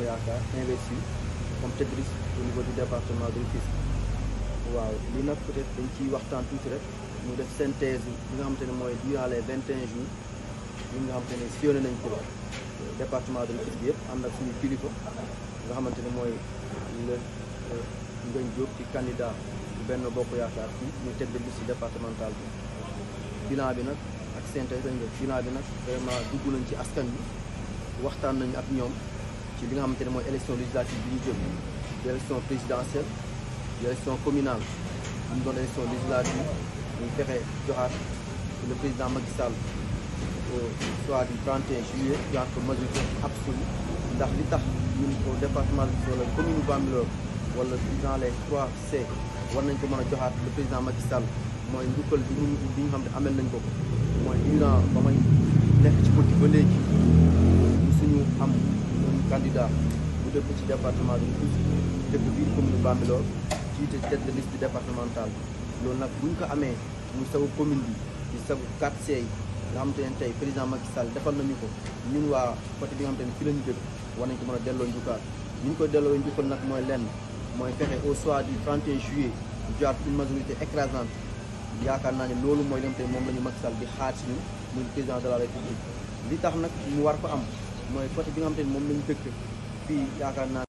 Bokk Yaakaar investi comme Tedris au niveau di département de Rufisque waaw lii nag peut être dañ ciy waxtaan tuuti rek mu def synthèse bi nga xamante ne mooy durant les vingt et un jours yi nga xamante ne sillonné nañ ko département de Rufisque bi yëpp ànd ak suñu kilifa nga xamante ne mooy le euh, Ngagne Diop ci candidat bu benn Bokk Yaakaar fii muy tête de liste départementale bi bilan bi nag ak synthèse lañ def bilan bi nag vraiment dugg nañ ci askan bi waxtaan nañu ak ñoom ci li nga xamante ne mooy élection législative bi ñu jëm di élection présidentielle di élection communale ñu doon élection législative ñu fexe joxaat le président Macky Sall soit du 31 juillet joxaat ko majorité absolue ndax li tax ñun au département wala commune Bambilor wala dans les trois C war nañ ko mën a joxaat le président Macky Sall mooy ndukkal bi ñu bi nga xam ne amel nañ ko mooy 8 ans ba may nekk ci politique ba léegi suñu am. candidat bu dëkk ci département de Mbour dëkk biir commune Bambilor jiite tête de liste départementale loolu nag buñ ko amee mu sagu commune bi di sagu 4 seey nga xam te tey président Macky Sall defal nañu ko ñun waa côté bi nga xam te ne fi dëkk war nañ ko mën a delloo njukkal ñu ñu ko delloo njukkal nag mooy lenn mooy fexe au soir du 31 juillet joxe une majorité écrasante yaakaar naa ne loolu mooy lam moom la ñu Macky Sall di xaar si ñu muy président li tax nag mu war ko am mooy côté bi nga xam te ne moom lañ dëkk fii yaakaar naa